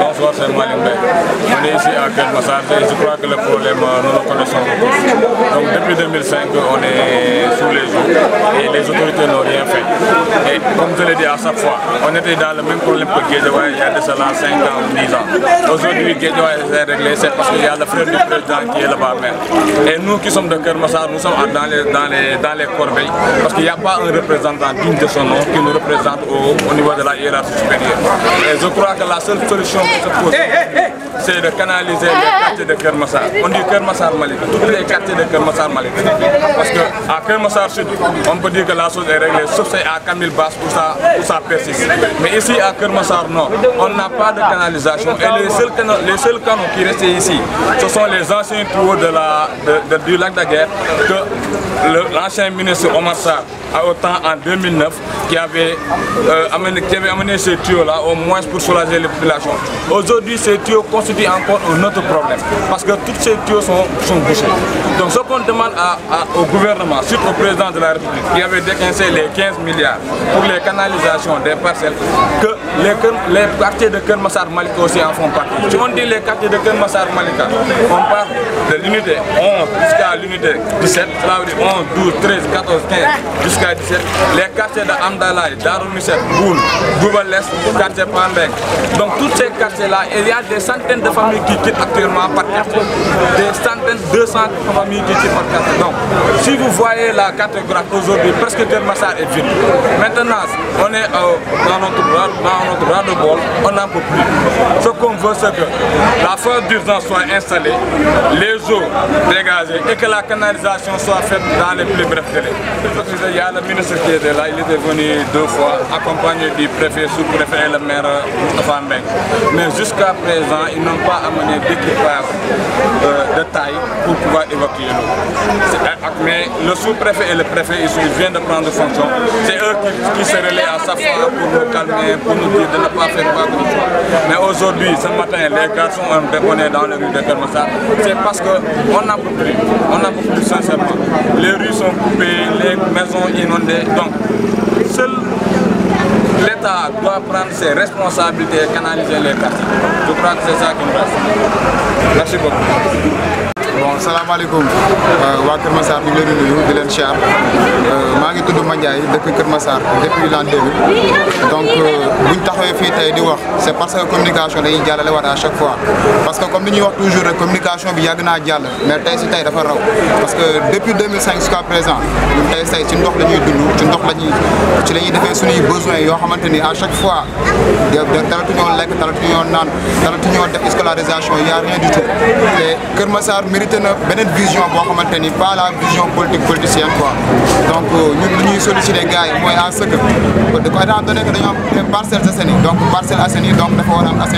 Bonsoir, c'est Malim On est ici à Kermassar et je crois que le problème, euh, nous le connaissons tous. Donc depuis 2005, on est sous les eaux et les autorités n'ont rien fait comme je l'ai dit à chaque fois, on était dans le même problème que Guédiawaye il y a de cela 5 ans 10 ans. Aujourd'hui, Guédiawaye est réglé, c'est parce qu'il y a le frère du président qui est là-bas même. Et nous qui sommes de Kermassar, nous sommes dans les, dans les, dans les corbeilles, parce qu'il n'y a pas un représentant digne de son nom qui nous représente au, niveau de la hiérarchie supérieure. Et je crois que la seule solution qui se pose, c'est de canaliser les quartiers de Kermassar. On dit Kermassar Malik, tous les quartiers de Kermassar Malik. Parce qu'à Kermassar Sud, on peut dire que la chose est réglée, sauf c'est à Kamil pour ça, ça persiste. Mais ici à Kermassar, non, on n'a pas de canalisation et les seuls, canaux, qui restent ici, ce sont les anciens tuyaux de la, du lac d'Aguerre que l'ancien ministre Omar a autant en 2009 qui avait, euh, amené, qui avait amené ces tuyaux-là au moins pour soulager les populations. Aujourd'hui, ces tuyaux constituent encore un autre problème parce que tous ces tuyaux sont, sont bouchés. Donc, demande au gouvernement, suite au président de la République, qui avait déclenché les 15 milliards pour les canalisations des parcelles, que les, quartiers de Kermassar Malika aussi en font partie. Si on dit les quartiers de Kermassar Malika, on parle de l'unité 11 jusqu'à l'unité 17, 11, 12, 13, 14, 15 jusqu'à 17, les quartiers de Amdalaï, Darumisset, Boul, Goubales, quartier Pambeng. Donc tous ces quartiers-là, il y a des centaines de familles qui quittent actuellement par quartier, des centaines, 200 familles qui quittent donc, si vous voyez la catégorie aujourd'hui, presque le est vide. Maintenant, on est euh, dans notre, dans notre ras de bol, on n'en peut plus. Ce qu'on veut, c'est que la force d'urgence soit installée, les eaux dégagées et que la canalisation soit faite dans les plus brefs délais. Il y a le ministre qui était là, il est venu deux fois, accompagné du préfet, sous-préfet et le maire euh, Moustapha Mais jusqu'à présent, ils n'ont pas amené d'équipage euh, de taille pouvoir évacuer l'eau. Mais le sous-préfet et le préfet, ils viennent de prendre fonction. C'est eux qui, se relaient à sa fois pour nous calmer, pour nous dire de ne pas faire quoi que soit. Mais aujourd'hui, ce matin, les garçons ont déconné dans les rues de Kermassa. C'est parce qu'on n'a pas On a pas sans sincèrement. Les rues sont coupées, les maisons inondées. Donc, seul l'État doit prendre ses responsabilités et canaliser les quartiers. Je crois que c'est ça qui nous reste. Merci beaucoup bon salaamaaleykum euh, waa Kër Massar ñu ngi leen di nuyu di leen siyaar euh, maa ngi tudd Mandiaye dëkk Kër Massar depuis l'an 2000 donc euh, bu taxawé fi tay di wax c'est parce que communication dañuy jallalé waat à chaque fois parce que comme niñu wax toujours rek communication bi yàgg naa jàll mais tay ci tay dafa raw parce que depuis 2005 jusqu'à présent ñun tay tay ci ndox la ñuy dund ci ndox lañuy ci lañuy ñuy defee suñuy besoins yoo xamante à chaque fois talatuñoo lekk talatuñoo naan talatuñoo def scolarisation y a rien du tout Kër Massar mérité na beneen vision boo xamante ni pas la vision politique politicienne quoi donc euh, ñun lu ñuy solliciter gars yi mooy à ce que étant donné que dañoo am Parcelles Assainies donc Parcelles Assainies donc dafa war a am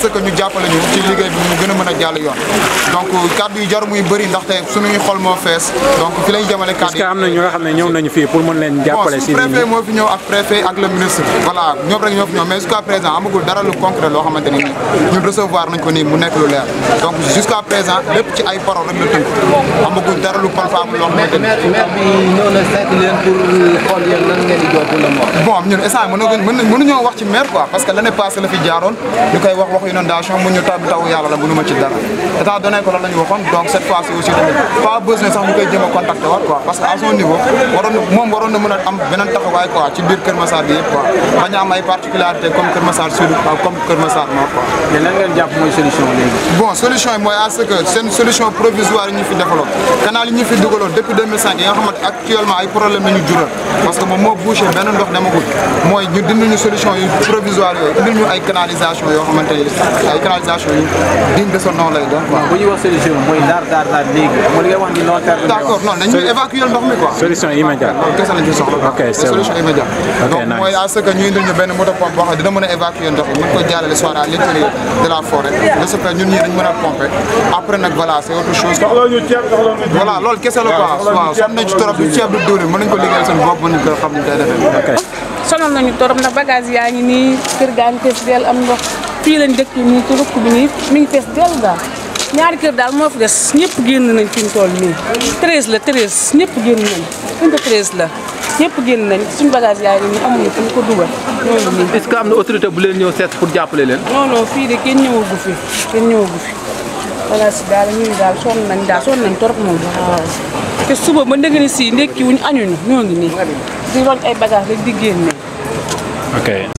ce que ñu jàppale ñu ci liguey bi mu gëna mëna mën yoon donc kàddu yu jar muy bëri ndaxte suñuy xol mo fess donc fi lay jëmale kàddu yi am na ñu nga xamné ne ñëw nañu fi pour mën leen jàppale si préfet mo fi ñëw ak préfet ak le ministre voilà ñoom rek ñoo fi ñëw mais jusqu'à présent amagul dara lu concret lo xamante ne nii ñun recevoir nañ ko ni mu nekk lu leer donc jusqu'à présent lepp ci ay parole rek la tënk amagul dara lu palpable loo xamante ni bon ñun instant mën nañu mën wax ci maire quoi parce que l'année passée la fi jaaroon ñu wax wax inondation mu ñu taw yàlla la mënu ma ci dara état donné ko lan la ñu waxoon donc cette fois ci aussi tamit pas besoin sax ñu koy jéem a contacter waat quoi parce que à son niveau waroon moom waroon na mën am beneen taxawaay quoi ci biir Kër Massar bi yëpp quoi bañ am ay particularités comme Kër Massar Sud euh, comme Kër Massar Nord quoi. mais lan ngeen jàpp mooy solution léegi. bon mooy actuellement ay problème la ñu jural parce que moom moo bouché benn ndox ay canalisation yi digne de son nom lay doon quoi. bu ñuy wax solution mooy daar daar daar léegi mooy li nga wax ni non terme. d' accord non dañuy évacuer ndox mi quoi. solution immédiate loolu kese lañ ci soxla. ok c' est bon solution immédiate. donc mooy à ce que ñu indil ñu benn moto pompe boo xam ne dina mën a évacuer ndox mi mën ko jaarale soit à l' intérieur de la forêt de ce fait ñun ñii dañ mën a pomper après nag voilà c' est autre chose. voilà loolu kese la quoi waaw sonn nañ ci trop du ceeb du diwlin mën nañ ko liggéeyal seen bopp mën nañ ko xam ni day defee. ok sonal nañu trop ndax bagage yaa ngi nii kër gaa ngi fees dell am ndox fii lañ dëkk nii ci rëkk bi nii mi ngi fees dellu daal ñaari kër daal moo fi des ñëpp génn nañ ci ñu toll nii treize la treize ñëpp génn nañ une treize la ñëpp génn nañ suñu bagage yaay nii amuñu fu ñu ko dugal loolu nii est-ce am na autorité bu leen ñëw seet pour jàppale leen non non fii de kenn ñëwagu fi kenn ñëwagu a bagage si daal ñun daal soon nañ daal sonn nañ torop moom waaw te suba ba ndëgg ni si ndekki wuñu añuñu ñoo ngi nii di roñ ay bagage rek di génn ok